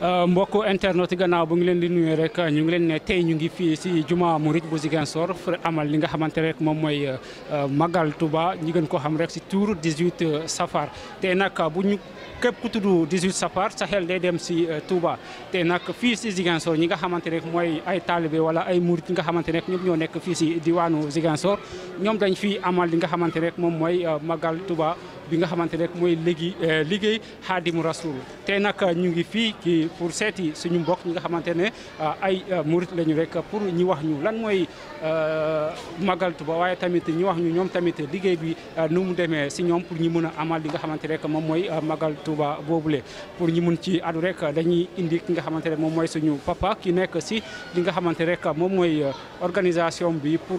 Euh, mbokk internet yi gannaaw bu ngi leen di nuyu rek ñu ngi leen ne tey ñu ngi fii si juma murit bu Ziguinchor amal li nga xamante rek moom mooy euh, Magal Touba ñi gën ko xam rek si tour 18 safar tey nag bu ñu képp ku tudd 18 safar sa xel day dem si euh, Touba tey nag fii si Ziguinchor ñi nga xamante rek mooy ay taalibe wala ay murit yi nga xamante rek ñoom ñoo nekk fii si diwaanu Ziguinchor ñoom dañ fi amal li nga xamante rek moom mooy Magal tuba bi nga xamante rek mooy léegi liggéey Xaadimu Rasul tey nag ñu ngi fii pour seeti suñu mbokk ñi nga xamante ne euh, ay euh, murit lañu rek pour ñi wax ñu lan mooy euh, magal Tuuba waaye tamit ñi wax ñu ñoom tamit liggéey bi nu mu demee si ñoom pour ñi mun a amal li nga xamante rek moom mooy magal boobu boobule pour ñi mun ci adu rek dañuy indi ki nga xamante ne moom mooy suñu papa ki nekk si li nga xamante rek moom mooy organisation bi pour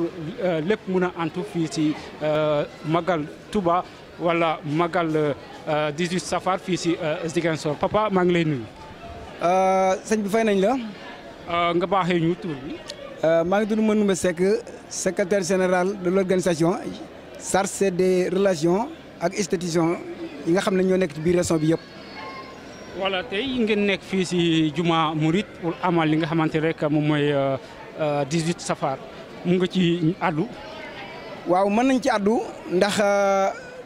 lépp mun a antu fii si magal tuba wala magal 18 safar fii si Ziguinchor papa maa ngi lay nuyu Euh, sëñ bi fay nañ la. Euh, nga baaxee ñu tur bi. Euh, maa ngi tudd Manoumbe Seck secrétaire général de l'organisation chargé des relations ak institutions yi nga xam ne ñoo nekk ci biir région bi yëpp. voilà tey ngeen nekk fii si juma Murit pour amal li nga xamante rek moom mooy 18 safar mu nga ci addu. waaw mën nañ ci addu ndax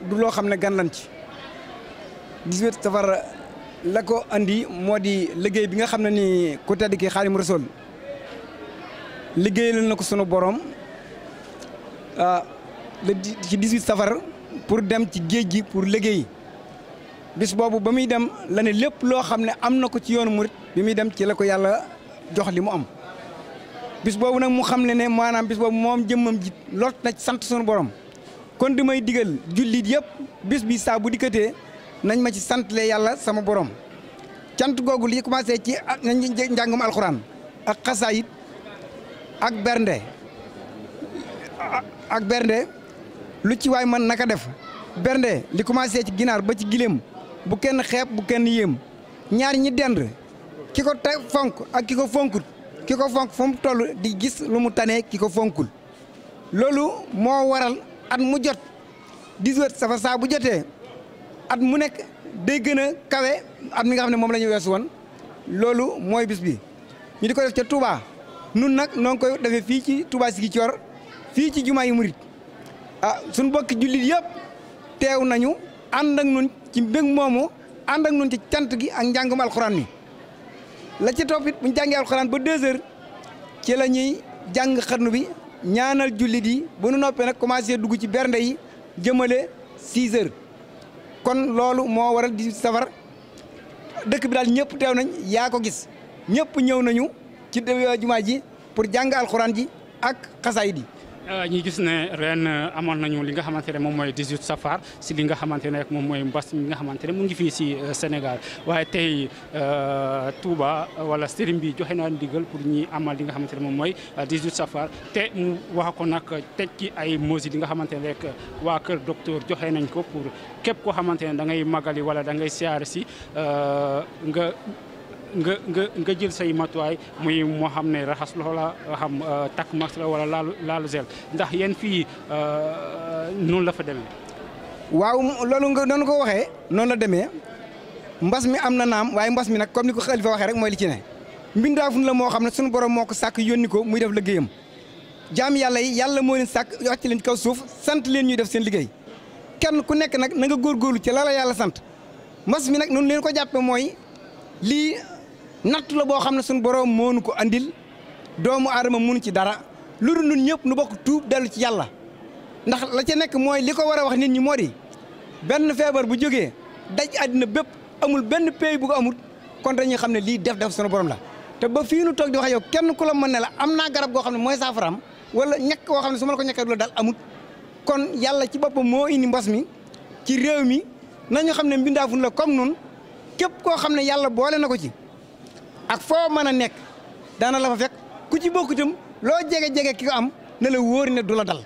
du loo xam ne gan lañ ci 18 safar. la ko indi moo di liggéey bi nga xam ne nii ku tedd ki Xaadimu Rasuul liggéeyal na ko sunu borom ah, le ci 18 safar pour dem ci géej gi pour liggéey bis boobu ba muy dem la ne lépp loo xam ne am na ko ci yoonu murit bi muy dem ci la ko yàlla jox li mu am bis boobu nag mu xam ne ne maanaam bis boobu moom jëmmam ji lot na sant sunu borom kon di may digal jullit yëpp bis bi saa bu dikkatee nañ ma ci le yalla sama borom ciant gogul yi commencé ci nañ jangum alxuraan ak qasayid ak bernde ak bernde lu ci way man naka def bernde li commencé ci ginar ba ci gilem bu kenn xeb bu kenn yem ñaar ñi dend kiko fonk ak kiko fonkul Kiko fonk fum toll di gis lu mu tané kiko fonkul lolu mo waral at mu jot 18 safa sa bu at mu nekk day gën a kawe at mi nga xam ne moom lañu ñu weesu woon loolu mooy bis bi ñu di ko def ca Touba nun nag noo ngi koy defee fii ci Touba Ziguinchor fii ci jumaa yi murit a ah, suñu bokki jullit yëpp teew nañu ànd ak nun ci mbég moomu ànd ak nun ci cant gi ak njàngum alxuraan mi la ci topp it bu ñu jàngee alxuraan ba deux heures ci la ñuy jàng xarnu bi ñaanal jullit yi bu nu noppee nag commencé dugg ci bernde jëmale six heures kon loolu moo waral di safar dëkk bi daal ñëpp teew nañ yaa ko gis ñëpp ñëw nañu ci jumaa ji pour jàng alxuraan ji ak xasaayid yi Euh, ñi gis ne ren euh, amon nañu li nga xamante mom moy 18 safar ci li nga xamante ak mom moy mbass mi nga xamante mu ngi fi ci euh, Sénégal waaye tey Touba wala Serigne bi joxe na ndigal pour ñi amal li nga xamante mom moy 18 safar té mu wax ko nak tej ci ay mosi li nga xamante rek wa kër docteur joxe nañ ko pour képp ko xamante da ngay magali wala da ngay ci euh nga nga nga nga jël say matuwaay muy moo xam ne raxas loxo la xam euh, takk max la wala laalu laalu zel ndax yéen fii euh, noonu la fa demee. waaw loolu nga noonu ko waxee noonu la demee mbas mi am na naam waaye mbas mi nag comme ni ko xalifa waxee rek mooy li ci ne. mbindaafun la moo xam ne sunu borom moo ko sàkk yónni ko muy def liggéeyam jaam yàlla yi yàlla moo leen sàkk wàcc leen kaw suuf sant leen ñuy def seen liggéey kenn ku nekk nag na nga góorgóorlu ci la yàlla sant nat la bo xamne sun suñu borom moonu ko andil doomu aadama mun ci dara luru nu nun ñëpp nu bokk tuub delu ci yalla ndax la ci nek moy liko wara wax nit ñi modi ben febar bu joge daj adina bepp amul ben pey bu ko amul kon dañuy xamne li def def sun borom la te ba fii nu toog di wax yow kenn kula mën ne la am garab go xamne moy safaram wala ñek woo xamne suma la ko ñekkee dal amut kon yalla ci bopam mo indi mbass mi ci rew mi nañu xamne mbinda mbindaafun la comme nun kep ko xamne yalla boole na ci ak foo mën a nekk daana la ku ci bokk itam loo jege-jege ki ko am na la wóor ne du la dal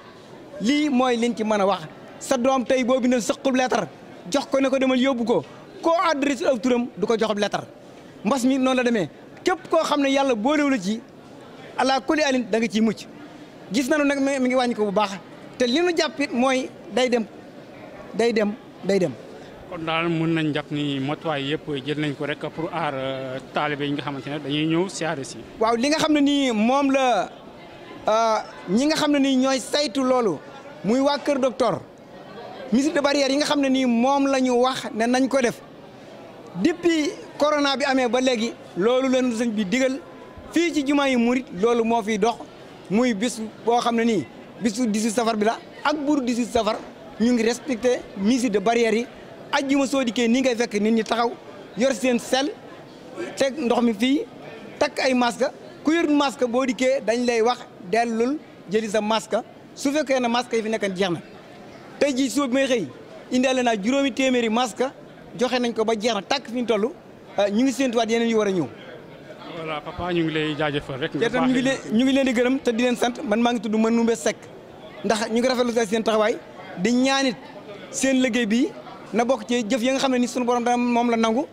lii mooy liñ ci mën a wax sa doom tey boo bindee sëqub leetar jox ko ne ko demal yóbbu ko koo adressé aw turam du ko joxub leetar mbas mi noon la demee képp koo xam ne yàlla boolewu la ci alaa kulli alin da nga ciy mucc gis na nañu nag mi ngi wàññi ko bu baax te li nu jàpp mooy day dem day dem day dem kon daal mën nañ jàpp ni matuwaay yëpp jël nañ ko rek pour aar euh, taalibe yi nga xamante ne dañuy ñëw siyaare si. waaw li nga xam ne nii moom la euh, ñi nga xam ne nii ñooy saytu loolu muy waa Kër Docteur mesures de barrière yi nga xam ne nii moom la ñu wax ne nañ ko def depuis corona bi amee ba léegi loolu leen sëñ bi digal fii ci jumaa yi murit loolu moo fiy dox muy bis boo xam ne nii bisu 18 safar bi la ak buru 18 safar ñu ngi respecté mesures de barrière yi. ajjuma soo dikkee nii ngay fekk nit ñi taxaw yor seen sel teg ndox mi fii takk ay maska ku yor masque boo dikkee dañ lay wax dellul jëli sa maska su fekkee ne masque yi fi nekk jeex na tey jii suba bi may xëy ale naa juróomi téeméeri maska joxe nañ ko ba jeex na takk fi ñu toll ah, ñu ngi séentuwaat yeneen yi war a ñëw. voilà papa ñu ngi lay jaajëfal rek. nga ñu ngi leen ñu ngi leen di gërëm te di leen sant man maa ngi tudd Manoumbe Seck ndax ñu ngi rafetlu seen taxawaay di ñaanit seen liggéey bi na bokk ci jëf ya nga xam ne ni sunu borom dana moom la nangu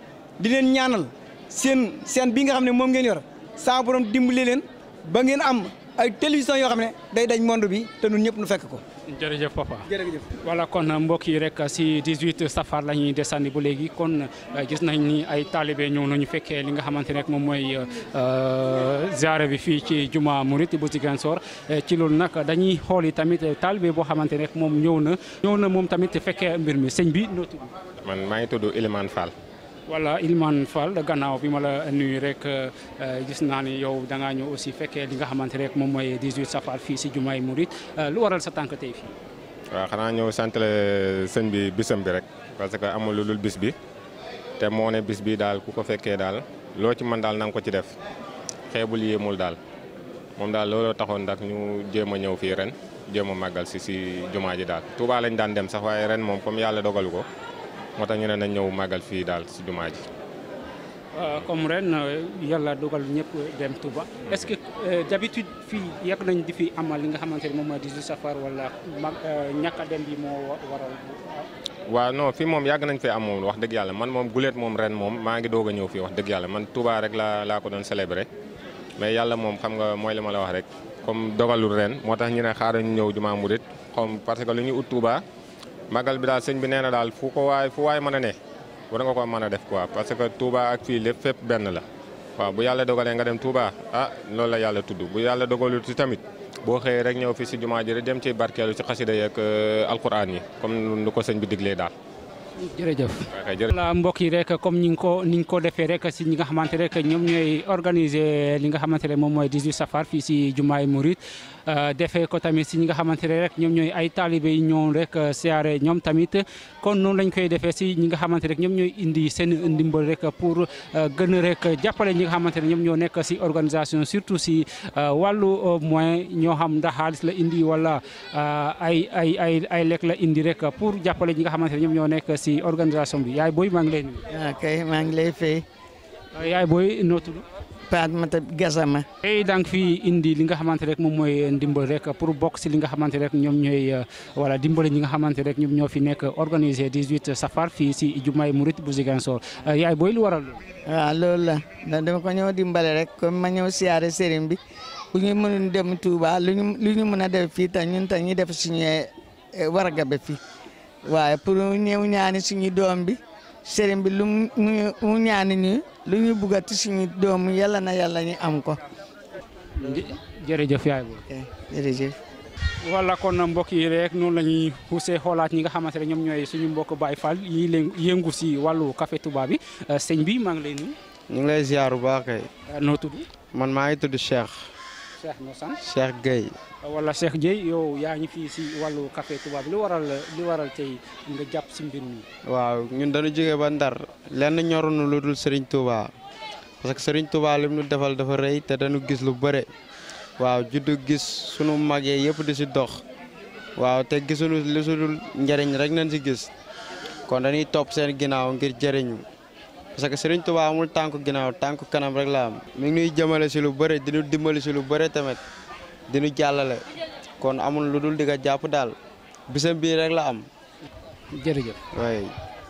di leen ñaanal seen seen bi nga xam ne moom ngeen yor saa borom dimbali leen ba ngeen am ay télévision yoo xam ne day dañ monde bi te ñun ñëpp nu fekk ko. jërëjëf papa jërëjëf voilà kon mbokk yi rek si 18 safar la ñuy desandi bu léegi kon euh, gis nañ ni ay taalibe ñëw nañu fekkee li nga xamante ne moom mooy euh, euh, ziare bi fii ci juma murit bu Ziguinchor ci loolu nag dañuy xool yi tamit taalibe boo xamante ne moom ñëw na ñëw na moom tamit fekkee mbir mi sëñ bi noo man maa ngi tudd Elimane Fall voilà Ilimane Fall gannaaw bi ma la nuyu rek euh, euh, gis naa ni yow da ñëw aussi fekkee li nga xamante rek moom mooy 18 safar fii si jumaay Mouride euh, lu waral sa tànk tey fii. waaw xanaa ñëw sant sëñ bi bisam bi rek parce que amul lu dul bis bi te moo ne bis bi daal ku ko fekkee daal loo ci mën daal na ko ci def xeebul yéemul daal moom daal looloo taxoon ndax ñu jéem a ñëw fii ren jéem a màggal si si jumaa ji daal. Touba lañ daan dem sax waaye ren moom comme yàlla dogalu ko. moo tax ñu ne nañ ñëw màggal fii daal si jumaa ji. Euh, comme ren euh, yàlla dogal ñëpp dem Touba. Mm. est-ce que euh, d'habitude fii yàgg nañ di fi amal li nga xamante ne moom mooy 18 safar wala mag dem bi moo waral. waaw non fii moom yàgg nañ fee am moom wax dëgg yàlla man moom guleet moom ren moom maa ngi doog a ñëw fii wax dëgg yàlla man Touba rek laa laa ko doon célébrer mais yàlla moom xam nga mooy li ma la wax rek comme dogalul ren moo tax ñu ne xaaral ñu ñëw jumaa murit que lu ñuy ut màggal bi daal sëñ bi nee na daal fu ko waay fu waay mën a ne war nga ko mën a def quoi parce que Touba ak fii lépp fépp benn la waaw bu yàlla dogalee nga dem Touba ah loolu la yàlla tudd bu yàlla dogalut ci tamit boo xëyee rek ñëw fi si jumaa ji dem ci barkeelu ci xasida yeeg euh, alquran yi comme nu ko sëñ bi diglee daal jërëjëf la mbokk yi rek comme ni nga ko ni nga ko defee rek si ñi nga xamante rek ñoom ñooy organiser li nga xamante ne moom mooy 18 safar fii si jumaay Mouride euh, defee ko tamit si ñi nga xamante ne rek ñoom ñooy ay taalibe yi ñoom rek euh, siyaare ñoom tamit kon noonu lañ koy defee si ñi nga xamante rek ñoom ñooy indi seen ndimbal rek pour euh, gën rek jàppale ñi nga xamante ne ñoom ñoo nekk si organisation surtout si wàllu moyen ñoo xam ndax xaalis la indi wala ay ay ay lekk la indi si organisation bi yaay boy ma ngi lay nuyu. ok ma ngi lay fey yaay booy noo tudd. Fatmata Gassama. tey fi indi li nga xamanteni rek mom moy ndimbal rek pour bokk si li nga xamanteni rek ñom ñoy wala euh, dimbal ñi nga xamanteni rek ñom ño fi nek organiser 18 safar fi ci jumaay Murit bu Ziguinchor euh, yaay boy lu waral loolu. waaw ah, loolu la da dama ko ñoo dimbale rek comme ma ñëw siaré sëriñ bi bu ñu mënoon dem Touba lu ñu mëna def fi tam ñun tam ñi def suñu euh, warga bi fi waaye pour ñëw ñaani suñu doom bi sëriñ mbi lu mu ñaani ñu lu ñu buggati suñu doom yàlla na yàlla ñu am ko. jërëjëf yaay boobu. Eh, jërëjëf. wala kon mbokk yi rekk noonu la ñuy xuusee xoolaat ñi nga xamante ne ñoom ñooy suñu mbokk baay fal yi leen yëngu si wàllu Café Touba bi euh, sëñ bi maa ngi lay nuyu. ñu ngi lay ziar bu baax kay. Euh, noo tudd. man maa ngi tudd Cheikh. Cheikh Moussa. Cheikh Gueye. wala Cheikh Gueye yow yaa ngi fii si wàllu café tubaab li waral li waral tey nga jàpp waaw ñun dañu jóge ba Ndar lenn ñorunu lu dul sëriñ Touba parce sëriñ Serigne Touba lim nu defal dafa rëy te dañu gis lu bëre waaw juddu gis sunu mag yi yëpp di si dox waaw te gisuñu li su dul njëriñ rek nañ si gis kon dañuy topp seen ginnaaw ngir jëriñu. parce que Serigne Touba amul tànku ginnaaw tànku kanam rek la am mi ngi nuy jëmale si lu bëri di nu dimbali si lu bëri tamit di nu jàllale kon amul lu dul di nga jàpp daal bisa bii rek la am. jërëjëf waay.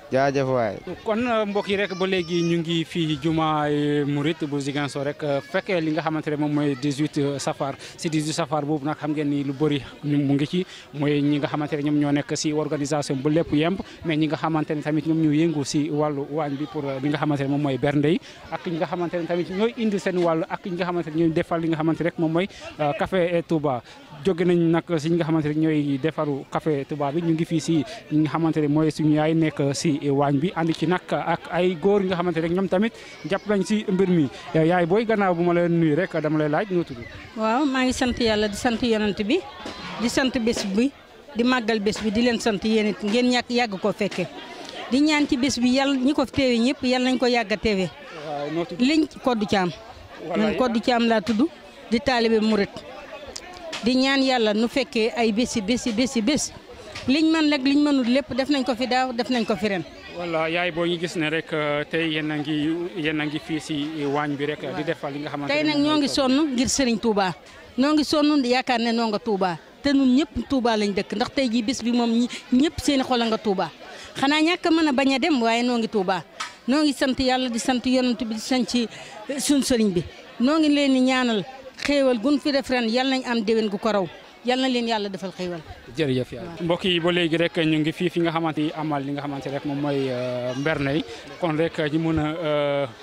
jaajëf waay. kon mbokk yi rek ba léegi ñu ngi fii juma Mouride bu Ziguinchor rek fekkee li nga xamante ne moom mooy 18 safar si 18 safar boobu nag xam ngeen ni lu bëri mu ngi ci mooy ñi nga xamante ne ñoom ñoo nekk si organisation bu lépp yemb mais ñi nga xamante ne tamit ñoom ñu yëngu si wàllu waañ bi pour li nga xamante ne moom mooy bernde yi ak ñi nga xamante ne tamit ñooy indi seen wàll ak ñi nga xamante ne ñooy defal li nga xamante rek moom mooy euh, café Touba jóge nañ nag si ñi nga xamante ne ñooy defaru café Touba bi ñu ngi fii si ñi nga xamante ne mooy suñu yaay nekk si ci waañ bi ànd ci nag ak ay góor yi xamante rek ñoom tamit jàpp nañ si mbir mi yaay booy gannaaw bu ma la nuyu rek dama lay laaj noo tudd. waaw maa ngi sant yàlla di sant yonent bi di sant bés bi di màggal bés bi di leen sant yéen ngeen ñàkk yàgg ko fekke di ñaan ci bés bi yàlla ñi ko teewee ñëpp yàlla nañ ko yàgg a teewee. liñ koddu caam. man caam laa tudd di taalibe murit di ñaan yàlla nu fekkee ay bési bési bési bés. liñ mën rek liñ mënul lépp def nañ ko fi daaw def nañ ko fi ren. voilà yaay boo ñu gis ne rek euh, tey yéen a ngi yéen a fii si waañ bi rek. di defal li nga xamante ne tey nag ñoo ngi sonn ngir Serigne Touba ñoo ngi sonn yaakaar ne noo nga Touba te ñun ñëpp Touba lañ dëkk ndax tey jii bis bi moom ñëpp seen i xol nga Touba xanaa ñàkk a mën a bañ a dem waaye noo ngi Touba noo ngi sant yàlla di sant yonent bi di sant ci suñ sëriñ bi noo ngi leen di ñaanal xéewal gun fi def ren yàlla am déwén gu ko raw yal na leen yàlla defal xéewal jërëjëf yàlla mbokk yi ba léegi rek ñu ngi fii fi nga xamante ni amal li nga xamante rek moom mooy euh, mberne yi kon rek ñu mën a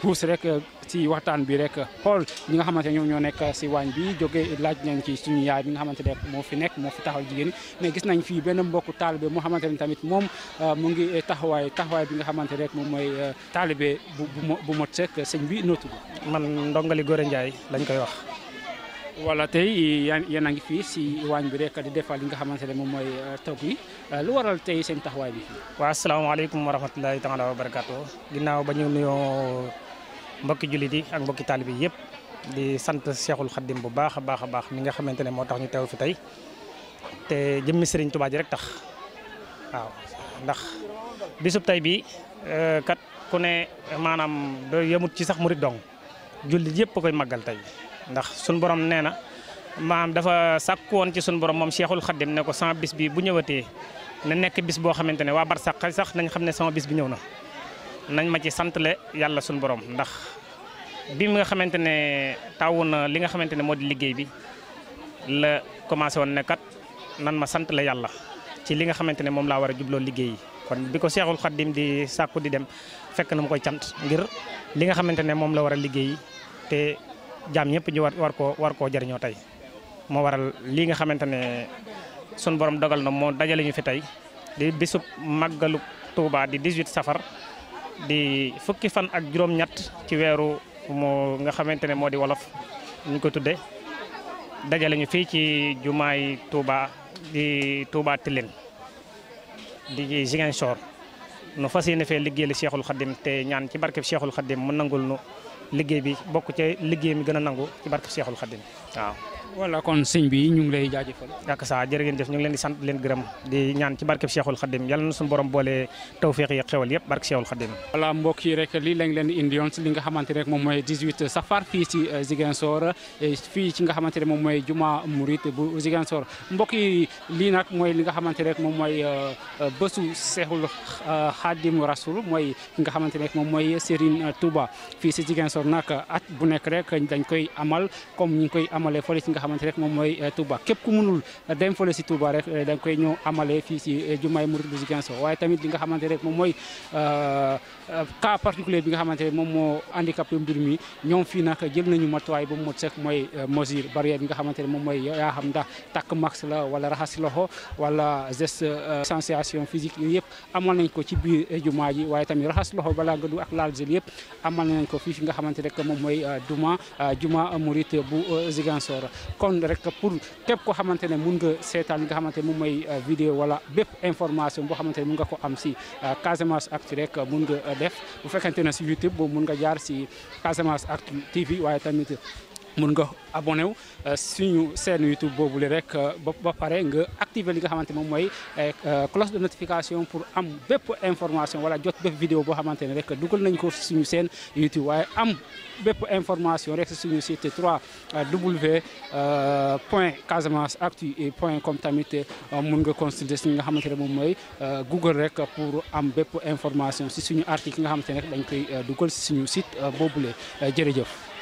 xuus euh, rek si waxtaan bi rek xool ñi nga xamante ñoom ñoo nekk si waañ bi jógee laaj nañ ci suñu bi nga xamante rek moo fi nekk moo fi taxaw jigéen mais gis nañ fii benn mbokk taalibe moo xamante ni tamit moom euh, mu ngi taxawaay taxawaay bi nga xamante rek moom mooy taalibe bu bu mot sek sëñ bi nootu man ndongali Gore Ndiaye lañ koy wax wala tey yéen a ngi fii si waañ bi rek di defal li nga xamante ne moom mooy euh, togg euh, lu waral tey seen taxawaay bi. waaw asalaamaaleykum wa rahmatulahi taala wa barakaatu ginnaaw ba ñu nuyoo mbokki jullit yi ak mbokki taalibe yëpp di sant Cheikhul Khadim bu baax a baax a baax mi nga xamante ne moo tax ñu teew fi tey te jëmmi Serigne Touba ji rek tax waaw ndax bisub tey bi euh, kat ku ne maanaam do yemut ci sax murit dong jullit yëpp koy màggal tey. ndax sun borom neena na maam dafa sakku woon ci sun borom mom cheikhul khadim ne ko sama bis bi bu ñewate na nek bis bo xamantene wa bar sax sax nañ xamne sama bis bi ñewna nañ ma ci santale yalla sun borom ndax bi nga xamantene tawuna li nga xamantene modi liggey bi la commencé won ne kat nan ma santale yalla ci li nga xamantene mom la wara jublo liggey kon bi ko khadim di sakku di dem fekk na mu koy ngir li nga xamantene mom la wara liggey te jam ñepp ñu war ko war ko jarño tay mo waral li nga xamantene sun borom dogal na mo dajale ñu fi tay di bisub magalu Touba di 18 safar di fukki fan ak juroom ñatt ci wéru mo nga xamantene modi di wolof ñu ko tuddé dajale ñu fi ci jumaay Touba di Touba tilen di Ziguinchor nu fas yéene fee liggéeyal Cheikhul Khadim te ñaan ci barke Cheikhul Khadim mu nangul nu liggéey bi bokk ci liggéey mi gën a nangu ci barke Seexul Xaddim waaw voilà kon sëñ bi ñu ngi lay jaajëfal. ñaan ci barkeb Cheikhul Khadim yàlla na suñu borom boole tawféex yi xewal yëpp barke Cheikhul Khadim. voilà mbokk yi rek lii lañ leen di indiwoon si li nga xamante ne rek moom mooy 18 safar fii si euh, Ziguinchor euh, fii nga xamante rek moom mooy euh, bésu Cheikhul Khadim Rasoul mooy at bu rek dañ koy amal comme ñu koy amalee fële xamante rek moom mooy euh, Touba képp ku mënul dem fële si Touba rek euh, da nga koy ñëw amale fii si euh, jumaay Mouride bu Ziguinchor waaye tamit li nga xamante rek moom mooy cas bi nga xamante rek moom moo handicapé mbir mi ñoom fii nag jël nañu matuwaay ba mu mot mooy mesure barrière bi nga xamante ne moom mooy yaa xam ndax takk max la wala raxas loxo wala geste sensation physique yooyu yëpp amal nañ ko ci biir jumaa ji waaye tamit raxas loxo balaa gëdu ak laal gel yëpp amal nañ ko fii fi nga xamante rek moom mooy duma juma Mouride bu Ziguinchor kon rek pour képp ko xamante ne mun nga seetaan nga xamante ne moom mooy euh, vidéo wala bépp information boo xamante ne mun nga ko am si euh, Casamance Actu rek euh, mun nga def bu fekkente ne si YouTube boobu mun nga jaar si Casamance Actu TV waaye tamit mun nga abonné wu euh, suñu seen YouTube boobu le rek euh, ba pare nga activer li nga xamante moom mooy euh, cloche de notification pour am bépp information wala jot bépp vidéo boo xamante ne rek dugal nañ ko suñu chaîne YouTube waaye am bépp information rek suñu site 3W point Casamance actu et point com tamit mun nga consulter suñu nga xamante ne moom mooy Google rek pour am bépp information si suñu article nga xamante ne rek dañ koy dugal si suñu site boobule jërëjëf.